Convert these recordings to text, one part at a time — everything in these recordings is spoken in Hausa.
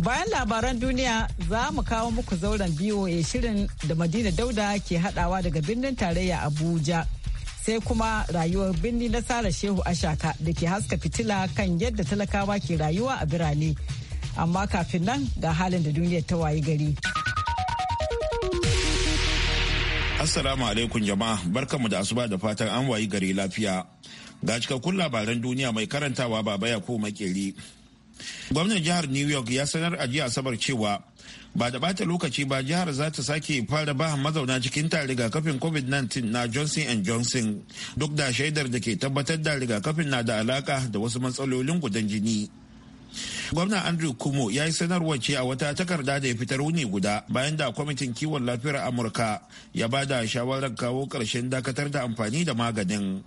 Bayan labaran duniya za mu kawo muku zauren BOA shirin da Madina Dauda ke hadawa daga birnin tarayya Abuja. Sai kuma rayuwar birni na Sara Shehu Ashaka da ke haska fitila kan yadda talakawa ke rayuwa a birane. Amma kafin nan ga halin da duniyar ta wayi gari. Assalamu alaikum jama'a barkanmu da asuba da fatan an wayi gari lafiya. Ga cikakkun labaran duniya mai karantawa baba ya ko makeri. gwamnan jihar new york ya sanar a jiya asabar cewa ba da bata lokaci ba jihar za ta sake fara ba mazauna cikin ta rigakafin covid-19 na johnson and johnson duk da shaidar da ke tabbatar da rigakafin na da alaka da wasu matsalolin gudan jini gwamna andrew kumo ya yi sanarwar ce a wata takarda da ya fitar wuni guda bayan da kwamitin kiwon lafiyar amurka ya ba da shawarar kawo ƙarshen dakatar da amfani da maganin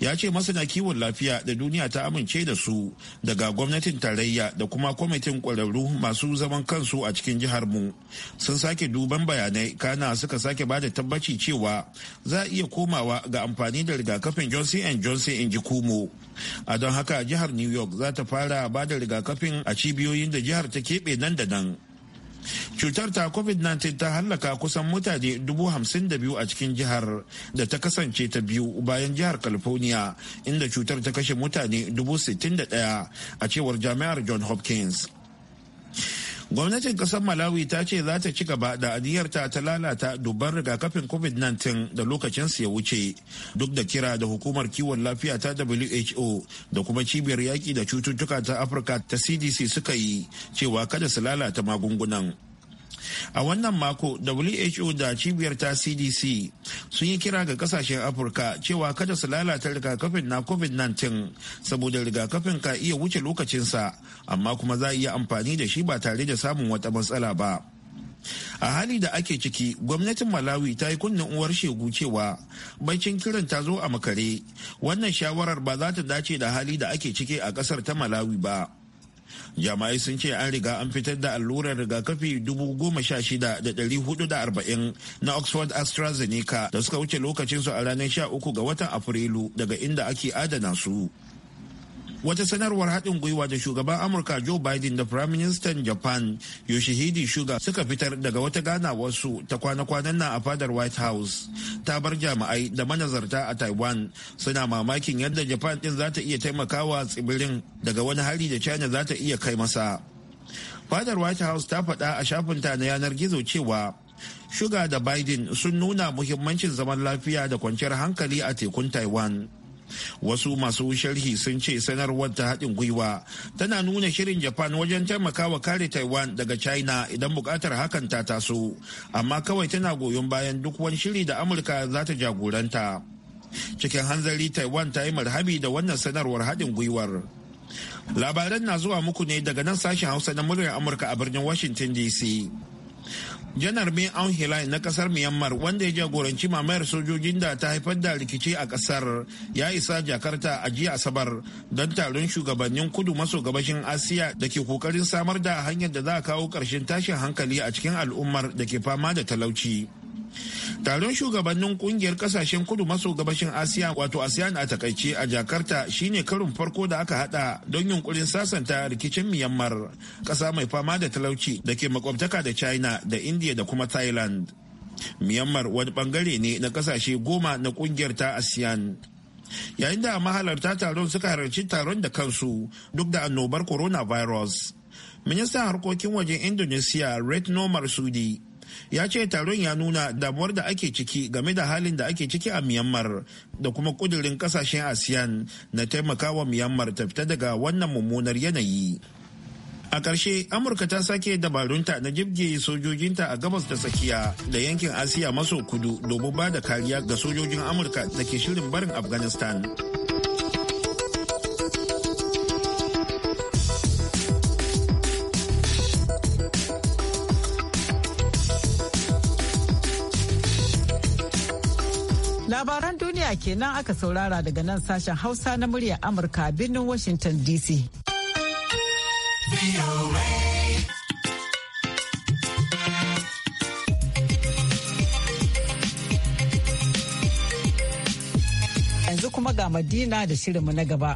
ya ce masana kiwon lafiya da duniya ta amince da su daga gwamnatin tarayya da kuma kwamitin kwararru masu zaman kansu a cikin jihar mu sun sake duban bayanai kana suka sake ba da tabbaci cewa za a iya komawa ga amfani da rigakafin johnson and johnson in ji kumo a don haka jihar new york za ta fara ba da rigakafin a cibiyoyin da jihar ta keɓe nan da nan cutar ta covid-19 ta hallaka kusan mutane biyu a cikin jihar da ta kasance ta biyu bayan jihar california inda cutar ta kashe mutane ɗaya a cewar jami'ar john hopkins gwamnatin kasar malawi ta ce za ta ci gaba da aniyarta ta lalata dubban rigakafin covid-19 da lokacin su ya wuce duk da kira da hukumar kiwon lafiya ta who da kuma cibiyar yaƙi da cututtuka ta afirka ta cdc suka yi cewa kada su lalata magungunan a wannan mako who da cibiyar ta cdc sun yi kira ga kasashen afirka cewa kada su lalata rigakafin na covid-19 saboda rigakafin ka iya wuce lokacinsa amma kuma za a iya amfani da shi ba tare da samun wata matsala ba a hali da ake ciki gwamnatin malawi ta yi kunnen uwar shegu cewa baicin kiran ta zo a makare wannan shawarar ba za ta dace da hali da ake ciki a kasar ta malawi ba jama'ai sun ce an riga an fitar da allurar rigakafi dubu goma sha shida da da arba'in na oxford astrazeneca da suka wuce lokacinsu a ranar 13 ga watan afrilu daga inda ake adana su wata sanarwar haɗin gwiwa da shugaban amurka joe biden da prime minister japan yoshihide shuga suka fitar daga wata ganawarsu ta kwana-kwanan na a fadar white house ta bar jami'ai da manazarta a taiwan suna mamakin yadda japan din za ta iya taimakawa tsibirin daga wani hari da china za ta iya kai masa fadar white house ta faɗa a shafinta na yanar gizo cewa shuga da biden sun nuna muhimmancin zaman lafiya da kwanciyar hankali a tekun taiwan wasu masu sharhi sun ce sanarwar ta haɗin gwiwa tana nuna shirin japan wajen taimakawa kare taiwan daga china idan buƙatar hakan ta taso amma kawai tana goyon bayan duk wani shiri da amurka za ta jagoranta cikin hanzari taiwan ta yi marhabi da wannan sanarwar haɗin gwiwar labaran na zuwa muku ne daga nan sashen hausa na muryar amurka a birnin washington dc janar bin na kasar myanmar wanda ya jagoranci mamayar sojojin da ta haifar da rikici a kasar ya isa jakarta a jiya asabar don taron shugabannin kudu maso gabashin asiya da ke kokarin samar da hanyar da za a kawo ƙarshen tashin hankali a cikin al'ummar da ke fama da talauci taron shugabannin kungiyar kasashen kudu maso gabashin asiya wato asiyan a takaice a jakarta shine karin farko da aka hada don yunkurin sasanta rikicin myanmar kasa mai fama da talauci da ke makwabtaka da china da india da kuma thailand myanmar wani bangare ne na kasashe goma na kungiyar ta asiyan yayin da mahalarta taron suka halarci taron da kansu duk da annobar coronavirus ministan harkokin wajen indonesia retno Sudi. ya ce taron ya nuna damuwar da ake ciki game da halin da ake ciki a myanmar da kuma kudirin kasashen asiyan na taimaka wa myanmar ta fita daga wannan mummunar yanayi a ƙarshe amurka ta sake dabarunta na jibge sojojinta a gabas da tsakiya da yankin asiya maso kudu domin ba da kariya ga sojojin amurka da ke shirin barin afghanistan kenan aka saurara daga nan sashen Hausa na murya Amurka birnin Washington DC. Yanzu kuma ga Madina da shirinmu na gaba.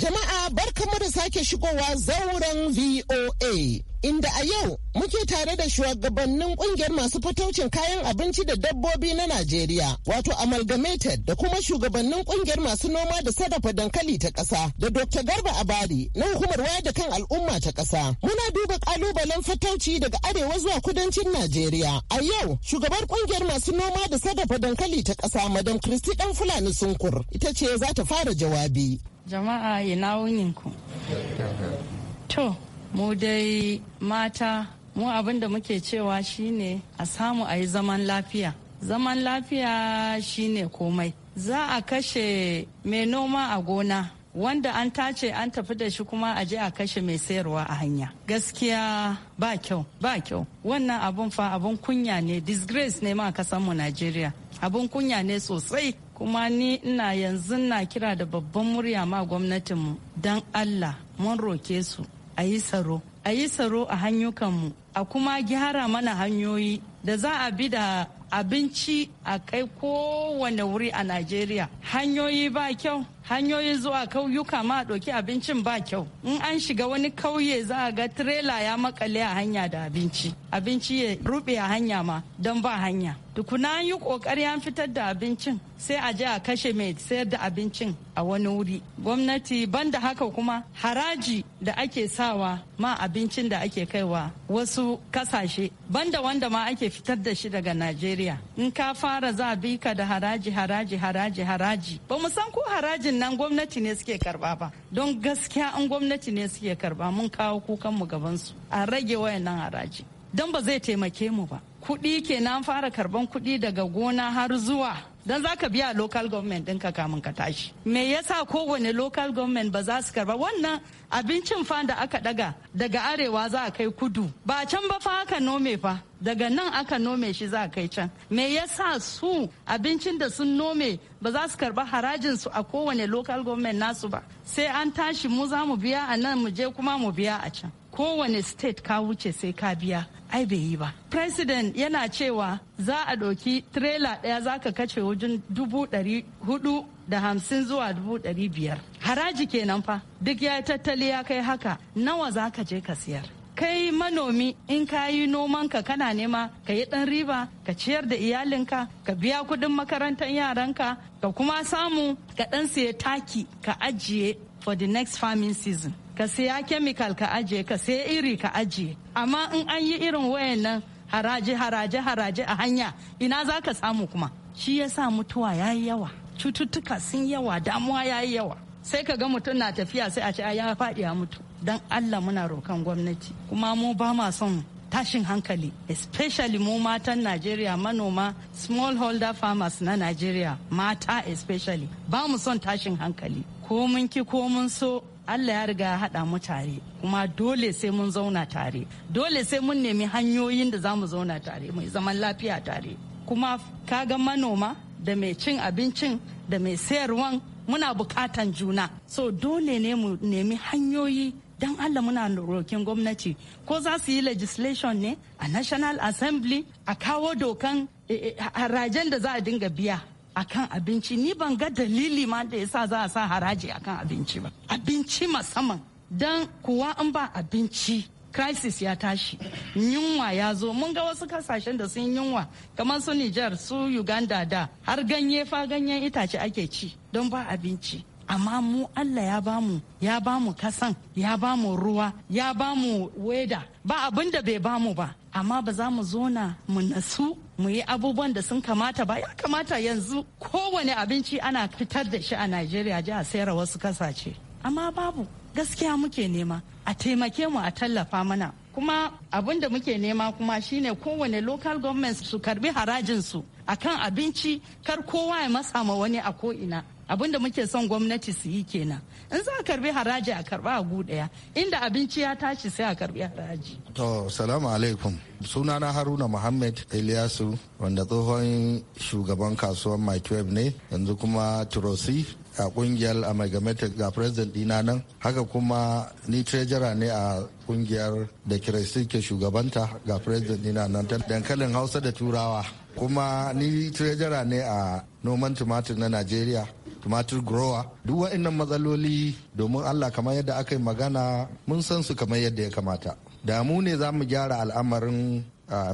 Jama'a barkamu da sake shigowa zauren VOA. inda a yau muke tare da shugabannin kungiyar masu fitocin kayan abinci da dabbobi na Najeriya, wato Amalgamated da kuma shugabannin kungiyar masu noma da sarrafa dankali ta ƙasa da Dr. Garba Abari na hukumar waya da kan al'umma ta ƙasa. Muna duba ƙalubalen fatauci daga arewa zuwa kudancin Najeriya. A yau, shugabar kungiyar masu noma da sarrafa dankali ta ƙasa, Madam Kristi Dan Fulani Sunkur, ita ce za ta fara jawabi. Jama'a ina wuninku. To, mu dai mata mu abin da muke cewa shine a samu a yi zaman lafiya zaman lafiya shine komai za a kashe mai noma a gona wanda an tace an tafi da shi kuma a je a kashe mai sayarwa a hanya gaskiya ba kyau ba kyau wannan abun fa abun kunya ne disgrace ne ma kasanmu nigeria abun kunya ne sosai kuma ni ina yanzu na kira da babban murya ma gwamnatinmu don allah mun roke su a yi tsaro a yi tsaro a hanyukanmu a kuma gyara mana hanyoyi da za a bi da abinci a kai kowane wuri a najeriya hanyoyi ba kyau hanyoyin zuwa kauyuka ma a ɗauki abincin ba kyau in an shiga wani kauye za a ga tirela ya makale a hanya da abinci abinci ya rube a hanya ma don ba hanya tukuna an yi kokari an fitar da abincin sai a je a kashe mai sayar da abincin a wani wuri gwamnati banda haka kuma haraji da ake sawa ma abincin da ake kaiwa wasu kasashe banda wanda ma ake fitar da shi daga najeriya in ka fara za a bi ka da haraji haraji haraji haraji ba san ko harajin bashin nan gwamnati ne suke karba ba don gaskiya an gwamnati ne suke karba mun kawo kukan mu gaban su a rage wayannan haraji don ba zai taimake mu ba kuɗi kenan fara karban kuɗi daga gona har zuwa don za ka biya local government ɗinka kamun ka tashi me yasa kowane local government ba za su karba wannan abincin fa da aka daga daga arewa za a kai kudu ba can ba fa aka nome fa daga nan aka nome shi za a kai can me yasa su abincin da sun nome ba za su karba harajin su a kowane local government nasu ba sai an tashi mu za mu biya a nan mu je kuma mu biya a can kowane state ka wuce sai ka biya ai bai yi ba president yana cewa za a ɗauki trela ɗaya za ka kace wajen dubu ɗari hudu da hamsin zuwa dubu ɗari biyar haraji kenan fa duk ya tattali ya kai haka nawa za ka je ka siyar kai manomi in ka yi nomanka kana nema ka yi ɗan riba ka ciyar da iyalinka ka biya kuɗin makarantar yaranka ka kuma samu ka ɗan siya taki ka ajiye for the next farming season ka siya kemikal ka ajiye ka siya iri ka ajiye amma in an yi irin wayannan haraje haraje haraje a hanya ina za ka samu kuma shi ya sa mutuwa ya yi yawa cututtuka sun yawa damuwa ya yi yawa sai ka ga mutum na tafiya sai a ce ya faɗi ya mutu don allah muna rokan gwamnati kuma mu ba ma son tashin hankali especially mu matan najeriya manoma small holder farmers na najeriya mata especially ba mu son tashin hankali ko mun ki ko mun so Allah ya riga ya haɗa mu tare kuma dole sai mun zauna tare dole sai mun nemi hanyoyin da za mu zauna tare mu zaman lafiya tare kuma kaga manoma da mai cin abincin da mai sayarwan muna bukatan juna so dole ne mu nemi hanyoyi don Allah muna rokin gwamnati ko za su yi legislation ne a national assembly a kawo dokan eh, eh, harajen da za a dinga biya akan abinci ni ban ga dalili ma da yasa za a sa haraji akan abinci ba abinci musamman dan kuwa in ba abinci crisis ya tashi yunwa ya zo mun ga wasu kasashen da sun yunwa kamar su Nijar su Uganda da har ganye fa ganyen itace ake ci don ba abinci amma mu Allah ya bamu ya bamu kasan ya bamu ruwa ya bamu weda ba abin da bai bamu ba amma ba za mu na mu nasu mu yi abubuwan da sun kamata ba ya kamata yanzu kowane abinci ana fitar da shi a najeriya ji a sayar wasu kasashe amma babu gaskiya muke nema a taimake mu a tallafa mana kuma abin da muke nema kuma shine kowane local government su karbi harajin su akan abinci kar kowa ya matsa ma wani a ko'ina abin da muke son gwamnati su yi kenan in za a karbi haraji a karba a gu daya inda abinci ya tashi sai a karbi haraji to salamu alaikum sunana haruna muhammad iliyasu wanda tsohon shugaban kasuwan microwave ne yanzu kuma turosi a kungiyar amalgamated ga president dina nan haka kuma ni treasurer ne a kungiyar da kiristi ke shugabanta ga president dina nan dankalin hausa da turawa kuma ni treasurer ne a noman tumatir na nigeria. tumatir grower duk waɗannan matsaloli domin allah kamar yadda aka yi magana mun san su kamar yadda ya kamata da mu ne za mu gyara al'amarin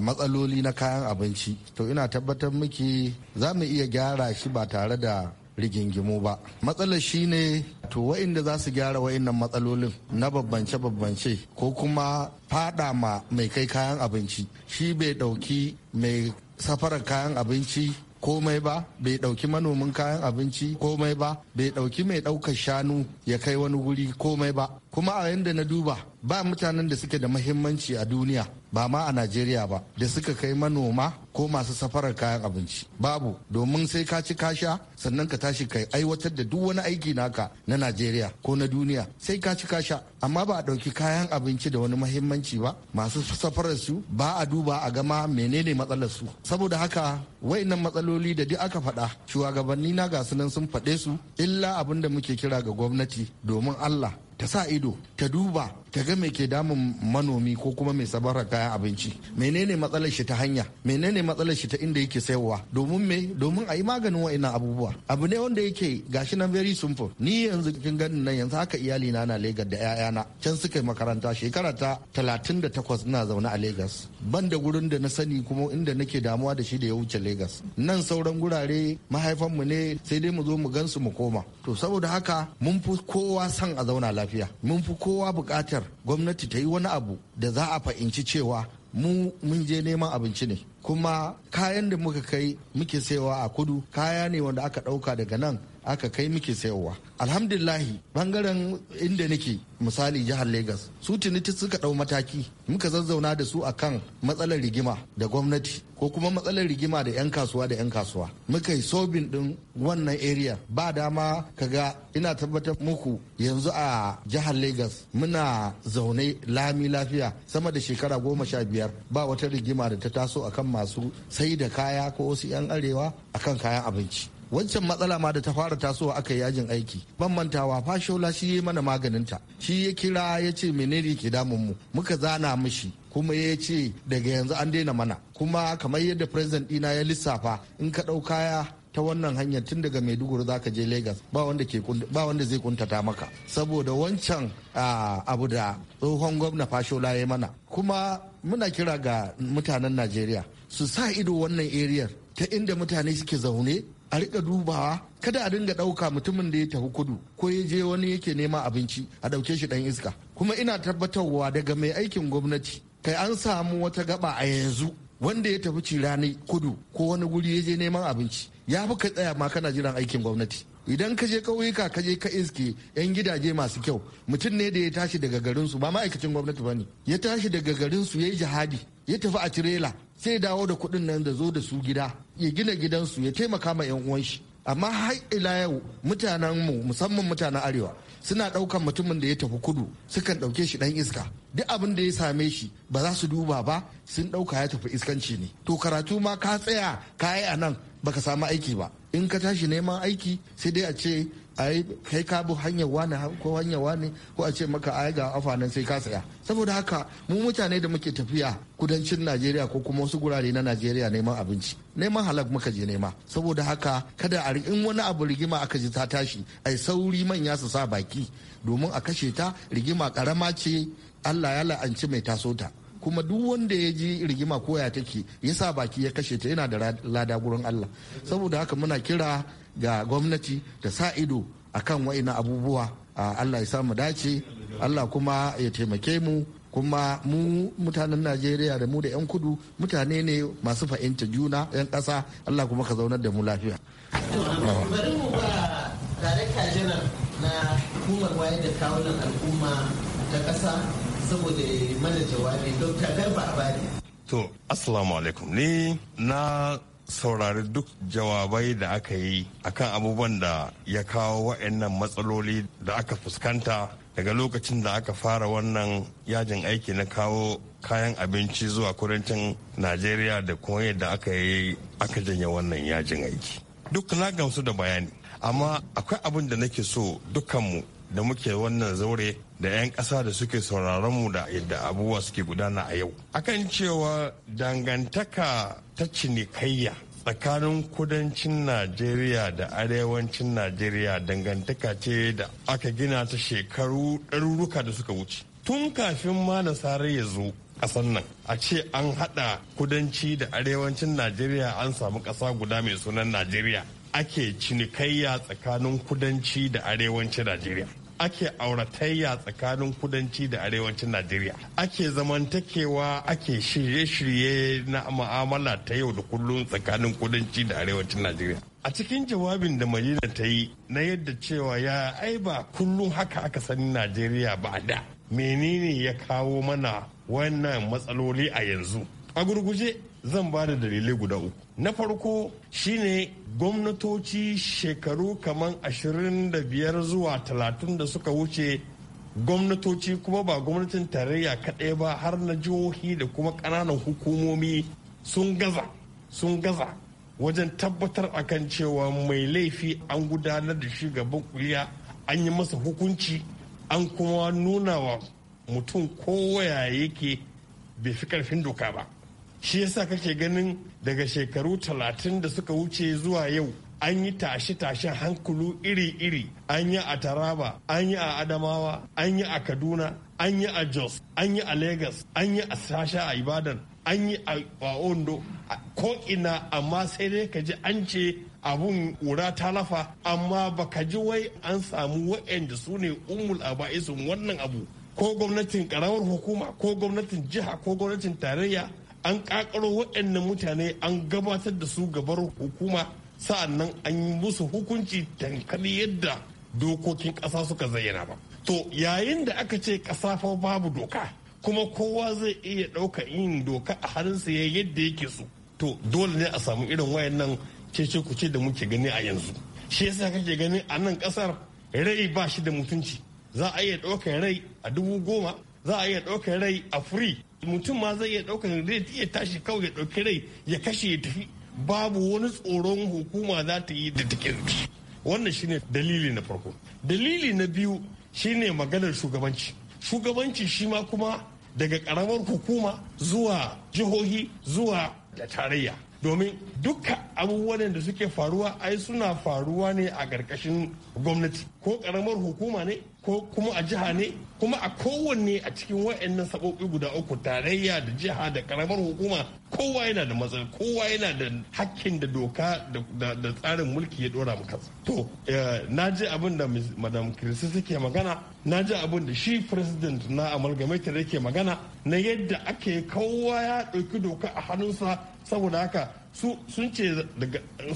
matsaloli na kayan abinci to ina tabbatar miki za mu iya gyara shi ba tare da rigingimu ba matsalar ne to wa'inda za su gyara wa'innan matsalolin na babbance-babbance ko kuma fada ma mai kai kayan abinci shi bai dauki mai safarar kayan abinci komai ba bai ɗauki manomin kayan abinci komai ba bai ɗauki mai daukar shanu ya kai wani wuri komai ba kuma a yanda na duba ba mutanen da suke da mahimmanci a duniya ba ma a najeriya ba da suka kai manoma ko masu safarar kayan abinci babu domin sai ka ci kasha sannan ka tashi kai aiwatar da duk wani aiki naka na najeriya ko na duniya sai ka ci kasha amma ba a ɗauki kayan abinci da wani mahimmanci ba masu safarar su ba a duba a gama menene matsalar su saboda haka wayannan matsaloli da duk aka faɗa shugabanni na gasu nan sun faɗe su illa abin da muke kira ga gwamnati domin allah ta sa ido ta duba ta ga mai ke damun manomi ko kuma mai sabara kayan abinci menene matsalar shi ta hanya menene matsalar shi ta inda yake sayarwa domin me domin a yi maganin wa'annan abubuwa abu ne wanda yake gashi nan very simple ni yanzu kin ganin nan yanzu haka iyali na na Lagos da na. can suka yi makaranta shekara ta 38 ina zaune a Legas. ban da gurin da na sani kuma inda nake damuwa da shi da ya wuce Legas. nan sauran gurare mahaifanmu ne sai dai mu zo mu gansu mu koma to saboda haka mun fi kowa son a zauna lafiya lafiya mun fi kowa buƙatar gwamnati ta yi wani abu da za a fahimci cewa mu mun je neman abinci ne kuma kayan da muka kai muke sayawa a kudu kaya ne wanda aka ɗauka daga nan aka kai muke sayarwa alhamdulillahi bangaren inda nake misali jihar Legas su tiniti suka dau mataki muka zazzauna da su akan matsalar rigima da gwamnati ko kuma matsalar rigima da 'yan kasuwa da 'yan kasuwa muka yi sobin din wannan area ba dama kaga ina tabbatar muku yanzu a jihar Legas muna zaune lami lafiya sama da shekara goma sha biyar ba wata rigima da ta taso akan masu sai da kaya ko wasu 'yan arewa akan kayan abinci wancan matsala ma da ta fara tasowa aka yajin aiki ban mantawa fashola shi ya mana maganinta shi ya kira ya ce menene ke damun mu muka zana mishi kuma ya ce daga yanzu an daina mana kuma kamar yadda president dina ya lissafa in ka ɗau kaya ta wannan hanyar tun daga maiduguri za ka je lagos ba wanda ba wanda zai kuntata maka saboda wancan abu da tsohon gwamna fashola ya mana kuma muna kira ga mutanen najeriya su sa ido wannan eriyar ta inda mutane suke zaune a rika dubawa kada a dinga dauka mutumin da ya tafi kudu ko ya je wani yake nema abinci a ɗauke shi ɗan iska kuma ina tabbatarwa daga mai aikin gwamnati kai an samu wata gaba a yanzu wanda ya tafi rani kudu ko wani guri ya je neman abinci ya fi ka tsaya ma kana jiran aikin gwamnati idan ka je ƙauyuka ka je ka iske yan gidaje masu kyau mutum ne da ya tashi daga garin su ba ma'aikacin gwamnati ba ne ya tashi daga garin su ya yi jihadi ya tafi a tirela sai dawo da kuɗin nan da zo da su gida ya gina gidansu ya taimaka ma 'yan uwan shi amma har ila yau mutanen mu musamman mutanen arewa suna ɗaukan mutumin da ya tafi kudu sukan ɗauke shi ɗan iska duk abin da ya same shi ba za su duba ba sun ɗauka ya tafi iskanci ne to karatu ma ka tsaya ka yi a nan baka samu aiki ba in ka tashi neman aiki sai dai a ce ai kai ka bu hanyar wani ko hanyar wani ko a ce maka ai ga afanan sai ka saya saboda haka mu mutane da muke tafiya kudancin Najeriya ko kuma wasu gurare na Najeriya neman abinci neman halak muka je nema saboda haka kada a in wani abu rigima aka ji ta tashi ai sauri manya su sa baki domin a kashe ta rigima karama ce Allah ya la'anci mai taso ta kuma duk wanda ya ji rigima koya take ya sa baki ya kashe ta yana da lada gurin Allah saboda haka muna kira ga gwamnati da sa ido akan wa'ina abubuwa Allah ya sa mu dace Allah kuma ya taimake mu kuma mu mutanen najeriya da mu da 'yan kudu mutane ne masu fahimta juna 'yan kasa allah kuma ka zaunar da mu lafiya bari mu ba janar na hukumar wayar da kawunan al'umma ta ƙasa saboda mana jawabi ba a bani. to assalamu alaikum ni na saurari duk jawabai da aka yi akan abubuwan da ya kawo wa'annan matsaloli da aka fuskanta daga lokacin da aka fara wannan yajin aiki na kawo kayan abinci zuwa kudancin najeriya da kuma yadda aka yi aka janye wannan yajin aiki duk na gamsu da bayani amma akwai abin da nake so dukkanmu da muke wannan zaure da 'yan ƙasa da suke sauraron mu da yadda abubuwa suke gudana a yau. Akan cewa dangantaka ta cinikayya tsakanin kudancin Najeriya da arewacin Najeriya dangantaka ce da aka gina ta shekaru ɗaruruka da suka wuce. Tun kafin ma nasarar ya zo ƙasar nan a ce an haɗa kudanci da arewacin Najeriya an samu ƙasa guda mai sunan Najeriya. ake cinikayya tsakanin kudanci da arewacin Najeriya. ake auratayya tsakanin kudanci da arewacin najeriya ake zamantakewa ake shirye-shirye na ma'amala ta yau da kullum tsakanin kudanci da arewacin najeriya a cikin jawabin da madina ta yi na yadda cewa ya ai ba kullum haka aka sani najeriya ba da menene ya kawo mana wannan matsaloli a yanzu a gurguje zan ba da dalilai guda uku na farko shine gwamnatoci shekaru kamar biyar zuwa talatin da suka wuce gwamnatoci kuma ba gwamnatin tarayya kaɗai ba har na jihohi da kuma ƙananan hukumomi sun gaza sun gaza wajen tabbatar a kan cewa mai laifi an gudanar da shi gaban kuliya an yi masa hukunci an kuma nuna wa mutum kowa yake bai fi karfin doka ba shi yasa kake ganin daga shekaru talatin da suka wuce zuwa yau an yi tashe-tashen hankulu iri-iri an yi a taraba an yi a adamawa an yi a kaduna an yi a jos an yi a Legas. an yi a sasha a ibadan an yi a ondo ko ina amma sai dai ka ji an ce abun wura ta lafa amma baka ji wai an samu wa'anda su ne umul aba'isun wannan abu ko gwamnatin karamar hukuma ko gwamnatin jiha ko gwamnatin tarayya an ƙaƙaro waɗannan mutane an gabatar da su gabar hukuma sa'annan an yi musu hukunci dankali yadda dokokin ƙasa suka zayyana ba to yayin da aka ce ƙasa fa babu doka kuma kowa zai iya ɗauka yin doka a hannunsa ya yadda yake so to dole ne a samu irin wayannan cece kuce da muke gani a yanzu shi yasa kake gani a nan ƙasar rai ba shi da mutunci za a iya ɗaukar rai a dubu goma za a iya ɗaukar rai a free mutum ma zai iya ɗaukar zai iya tashi kawai ya ɗauki rai ya kashe ya tafi babu wani tsoron hukuma za ta yi da take wannan shine dalili na farko dalili na biyu shine maganar shugabanci shugabanci shi ma kuma daga karamar hukuma zuwa jihohi zuwa da tarayya domin duka abubuwan da suke faruwa ai suna faruwa ne a ƙarƙashin gwamnati ko ƙaramar hukuma ne ko kuma a jiha ne kuma a kowanne a cikin wa'annan sabobi guda uku tarayya da jiha da ƙaramar hukuma kowa yana da matsala kowa yana da hakkin da doka da tsarin mulki ya dora maka to eh, na ji abin da madam kirsi suke magana na ji abin da shi president na amalgamaitar yake magana na yadda ake kowa ya ɗauki doka a hannunsa saboda haka su sun ce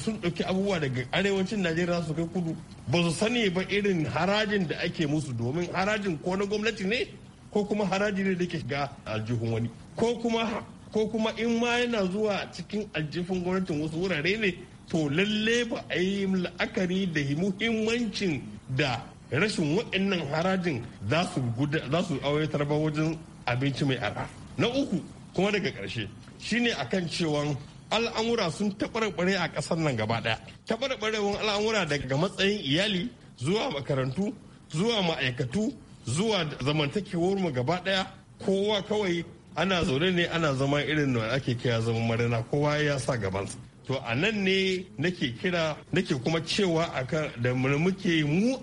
sun ɗauki abubuwa daga arewacin najeriya su kai kudu ba su sani ba irin harajin da ake musu domin harajin ko na gwamnati ne ko kuma haraji ne da ke shiga aljihun wani ko kuma in ma yana zuwa cikin aljihun gwamnatin wasu wurare ne to lalle ba a yi la'akari da muhimmancin da rashin waɗannan harajin za su auyatar ba wajen abinci mai arha na uku kuma daga ƙarshe shine akan cewa al'amura sun taɓarɓare a ƙasar nan gaba ɗaya taɓarɓarewar al'amura daga matsayin iyali zuwa makarantu zuwa ma'aikatu zuwa zamantakewar mu gaba ɗaya kowa kawai ana zaune ne ana zama irin da ake kira zama marina kowa ya sa gaban to a nan ne nake kira nake kuma cewa akan da muke mu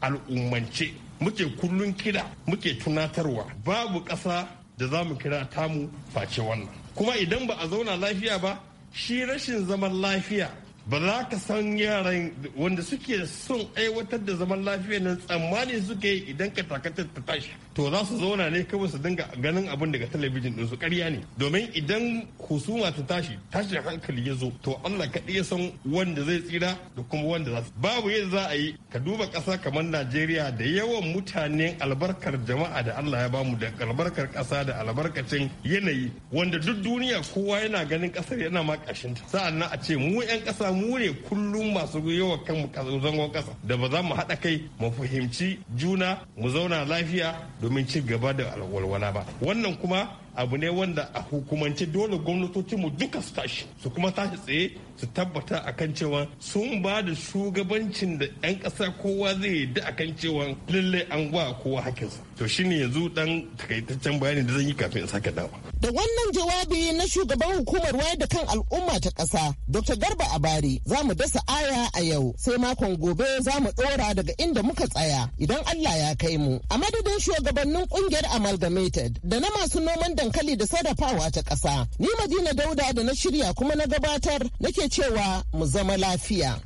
al'ummance muke kullun kira muke tunatarwa babu ƙasa da za mu kira tamu face wannan kuma idan ba a zauna lafiya ba shi rashin zaman lafiya ba za ka san yaran wanda suke son aiwatar da zaman lafiya na tsammani suke yi idan ka takatar ta tashi to za su zauna ne kawai su dinga ganin abin daga talabijin su karya ne domin idan husuma ta tashi tashi hankali ya zo to Allah ka iya san wanda zai tsira da kuma wanda za su babu yadda za a yi ka duba ƙasa kamar Najeriya da yawan mutanen albarkar jama'a da Allah ya bamu da albarkar ƙasa da albarkacin yanayi wanda duk duniya kowa yana ganin ƙasar yana ma ƙashinta sa'an nan a ce mu 'yan ƙasa ƙasa mu ne kullum masu yawa kanmu zango ƙasa da ba za mu haɗa kai mu fahimci juna mu zauna lafiya domin ci gaba da walwala ba wannan kuma abu ne wanda a hukumance dole gwamnatocinmu duka su tashi su kuma tashi tsaye su tabbata kan cewa sun ba da shugabancin da 'yan ƙasa kowa zai a kan cewa lallai an gwa kowa hakinsa to shine yanzu dan takaitaccen bayani da zan yi kafin in sake dawa da wannan jawabi na shugaban hukumar wayar da kan al'umma ta ƙasa dr garba abari za mu dasa aya a yau sai makon gobe za mu tsora daga inda muka tsaya idan allah ya kai mu a madadin shugabannin kungiyar amalgamated da na masu noman dankali da sarrafawa ta ƙasa. Ni Madina Dauda da na shirya kuma na gabatar nake cewa mu zama lafiya.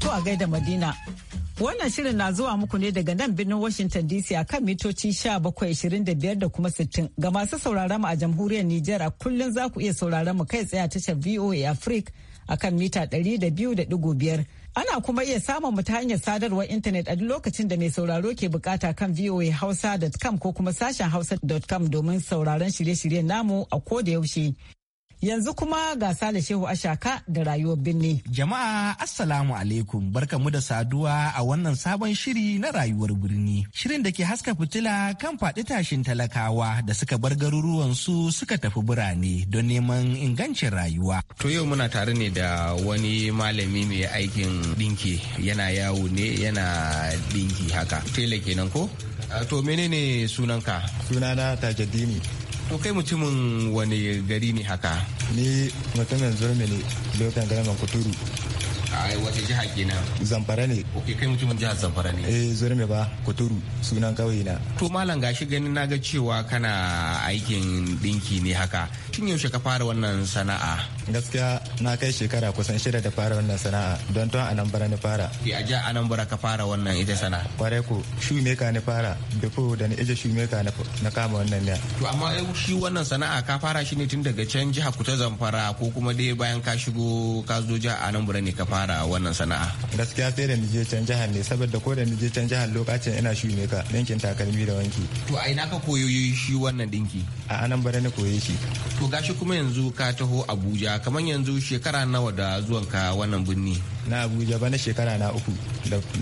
To a gaida Madina. Wannan shirin na zuwa muku ne daga nan birnin Washington DC a kan mitoci 1725 da kuma 60 ga masu sauraron mu a jamhuriyar Nijar a kullum za ku iya sauraron mu kai tsaye a tashar VOA Africa a kan mita 200.5 Ana kuma iya samun mu ta hanyar sadarwar intanet a duk lokacin da mai sauraro ke bukata kan voahausa.com ko kuma sashen hausa.com domin sauraron shirye-shiryen namu a ko da yaushe. Yanzu kuma ga Sale Shehu Ashaka da rayuwar birni. Jama'a Assalamu alaikum barkamu da saduwa a wannan sabon shiri na rayuwar birni. Shirin da ke haska fitila kan faɗi tashin talakawa da suka bar garuruwan su suka tafi birane don neman ingancin rayuwa. To yau muna tare ne da wani malami mai aikin ɗinki yana yawo ne yana ɗinki haka. Tela kenan ko? To menene sunanka? Sunana Tajaddini. to kai mutumin wani gari ne haka ni mutumin zurmi ne lokacin man kuturu a wata jiha kenan zamfara ne ok kai mutumin jihar zamfara ne eh zurmi ba kuturu sunan kawai na to malam gashi ganin naga cewa kana aikin dinki ne haka tun yaushe ka fara wannan sana'a gaskiya na kai shekara kusan shida da fara wannan sana'a don tun bara ni fara a ja bara ka fara wannan ita sana'a Kware ku shu me ka ni fara before da na ije ka na kama wannan ne to amma shi wannan sana'a ka fara shi ne tun daga can jiha ku ta zamfara ko kuma dai bayan ka shigo ka zo jiha bara ne ka fara wannan sana'a gaskiya sai da je can jihar ne saboda ko da je can jihar lokacin ina shu ka ɗinkin takalmi da wanki to a ina ka koyo shi wannan dinki a bara ni koye shi to gashi kuma yanzu ka taho abuja kamar yanzu shekara nawa da zuwanka wannan birni na abuja bana shekara na uku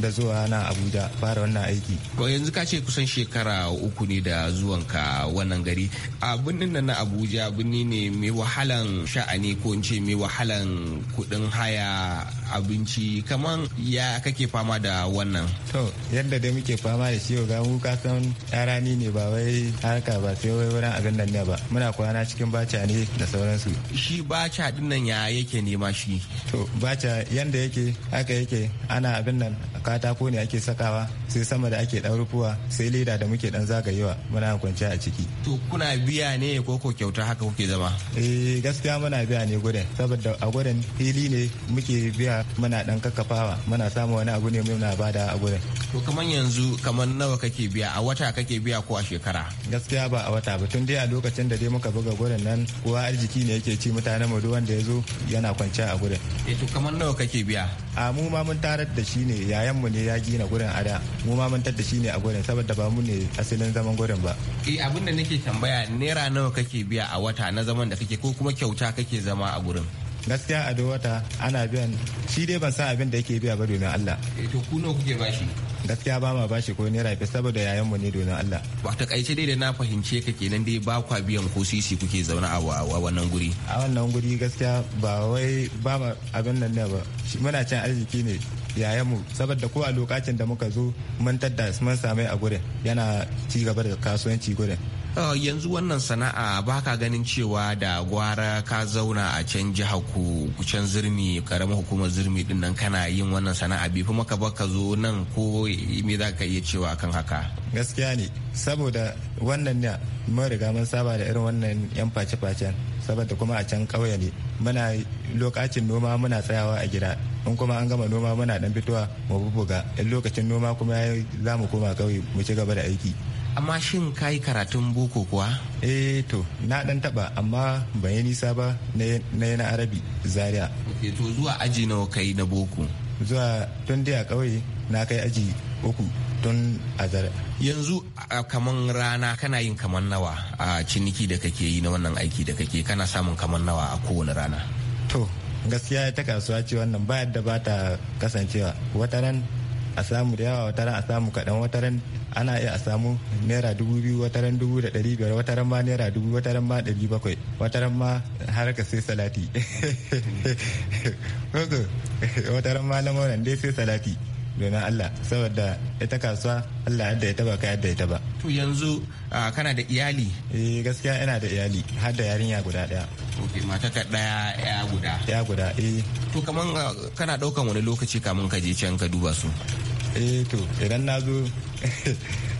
da zuwa na abuja fara wannan aiki yanzu ka ce kusan shekara uku ne da zuwanka wannan gari a birnin nan na abuja birni ne mai wahalan sha'ani ko in ce mai wahalan kuɗin haya abinci kaman ya kake fama da wannan to yadda dai muke fama da shi ga mu kasan rani ne ba wai harka ba sai wai wurin abin nan ne ba muna kwana cikin bacha ne da sauransu shi bacha din nan ya yake nema shi to bacha yanda yake haka yake ana abin nan katako ne ake sakawa sai sama da ake dan rufuwa sai leda da muke dan zagayewa muna kwanciya a ciki to kuna biya ne ko ko kyauta haka kuke zama eh gaskiya muna biya ne gudun saboda a gudun fili ne muke biya muna dan kakkafawa muna samu wani abu ne muna bada a gudun to kamar yanzu kamar nawa kake biya a wata kake biya ko a shekara gaskiya ba a wata ba tun dai a lokacin da dai muka buga gudun nan kowa arziki ne yake ci mutanen mu wanda ya zo yana kwanciya a gudun eh to kamar nawa kake biya saya a mu ma mun tarar da shi ne yayan mu ne ya gina gurin ada mu ma mun tarar da shi ne a gurin saboda ba mu ne asalin zaman gurin ba eh abin da nake tambaya naira nawa kake biya a wata na zaman da kake ko kuma kyauta kake zama a gurin gaskiya a duk wata ana biyan shi dai ban san abin da yake biya ba domin Allah eh, to ku nawa kuke bashi gaskiya ba ma bashi ko naira biyar saboda yayan mu ne domin Allah ba ta kaice dai da na fahimce ka kenan dai ba kwa biyan ko sisi kuke zaune a wannan guri a wannan guri gaskiya ba wai ba ma abin nan ne ba muna cin arziki ne yayan mu saboda ko a lokacin da muka zo mun tadda mun samai a gurin yana ci gaba da kasuwanci gurin Uh, yanzu wannan sana'a baka ganin cewa da gwara ka zauna a can jiha ku can zirmi karamar hukumar zirmi din nan kana yin wannan sana'a bi kuma ka baka zo nan ko me za ka iya cewa kan haka gaskiya ne saboda wannan ne mun riga mun saba da irin wannan yan face-facen saboda kuma a can ƙauye ne muna lokacin noma muna tsayawa a gida in kuma an gama noma muna dan fitowa mu bubuga in lokacin noma kuma za mu koma kauye mu ci gaba da aiki amma shin ka yi karatun boko kuwa eh to na dan taba amma ban yi nisa ba na yana arabi zaria okay, to zuwa aji nawa kai na boko zuwa tun dai a kawai na kai aji uku tun a zaria yanzu kaman rana kana yin kaman nawa a ciniki da kake yi na wannan aiki da kake kana samun kaman nawa a kowane rana to gaskiya ta kasuwa ce wannan ba yadda ba ta kasancewa wata ran a samu da yawa wataran a samu kaɗan wataran ana iya a samu naira dubu biyu wataran dubu da ɗari biyar wataran ma naira dubu wataran ma ɗari bakwai wataran ma har ka sai salati wataran ma lamuran dai sai salati domin Allah saboda ita kasuwa Allah yadda ya taba ka yadda ya taba. To yanzu kana da iyali eh gaskiya ina da iyali har da yarinya guda daya ok mata ka daya ya guda ya guda eh to kaman kana daukan wani lokaci kamun ka je can ka duba su eh to idan na zo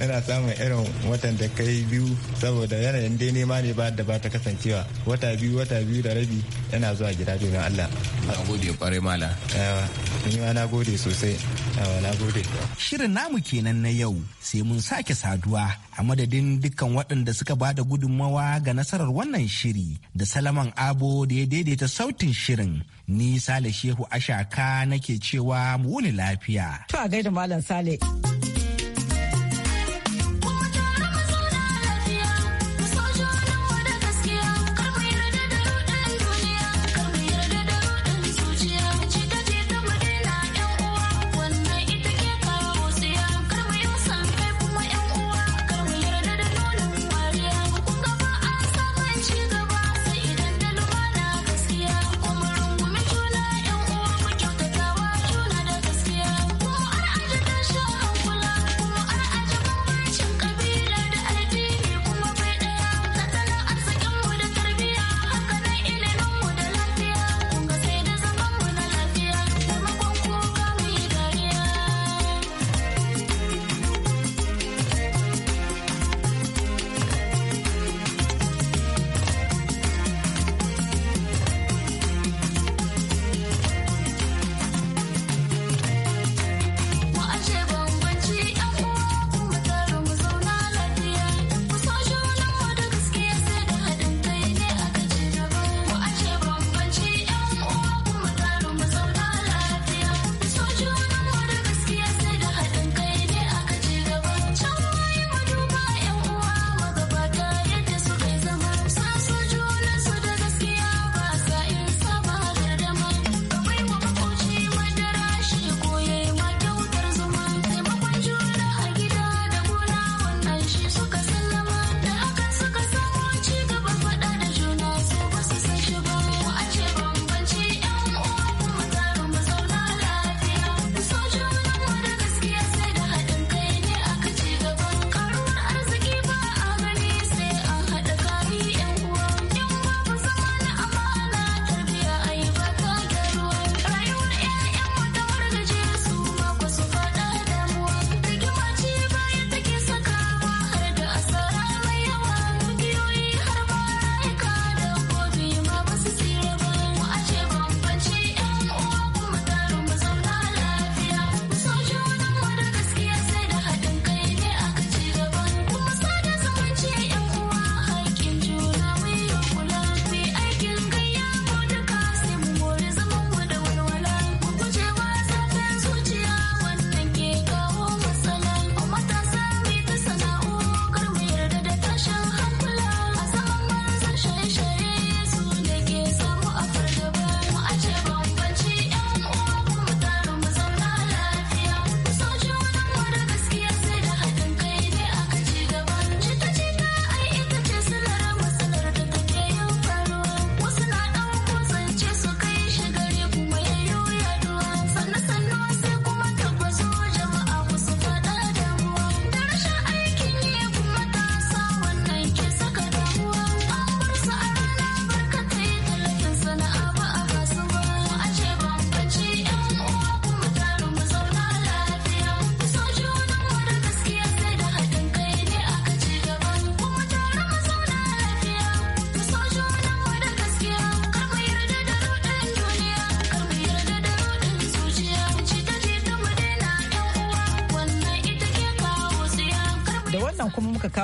ina samun irin watan da kai biyu saboda yanayin dai nema ne ba da ba ta kasancewa wata biyu wata biyu da rabi yana zuwa gida domin Allah. Na gode kwarai mala. Yawa, ni ma na gode sosai. Yawa, na gode. Shirin namu kenan na yau sai mun sake saduwa a madadin dukkan waɗanda suka ba da gudunmawa ga nasarar wannan shiri da Salaman Abo da ya daidaita sautin shirin. Ni Sale Shehu Ashaka nake cewa mu wuni lafiya. To a gaida Malam Sale.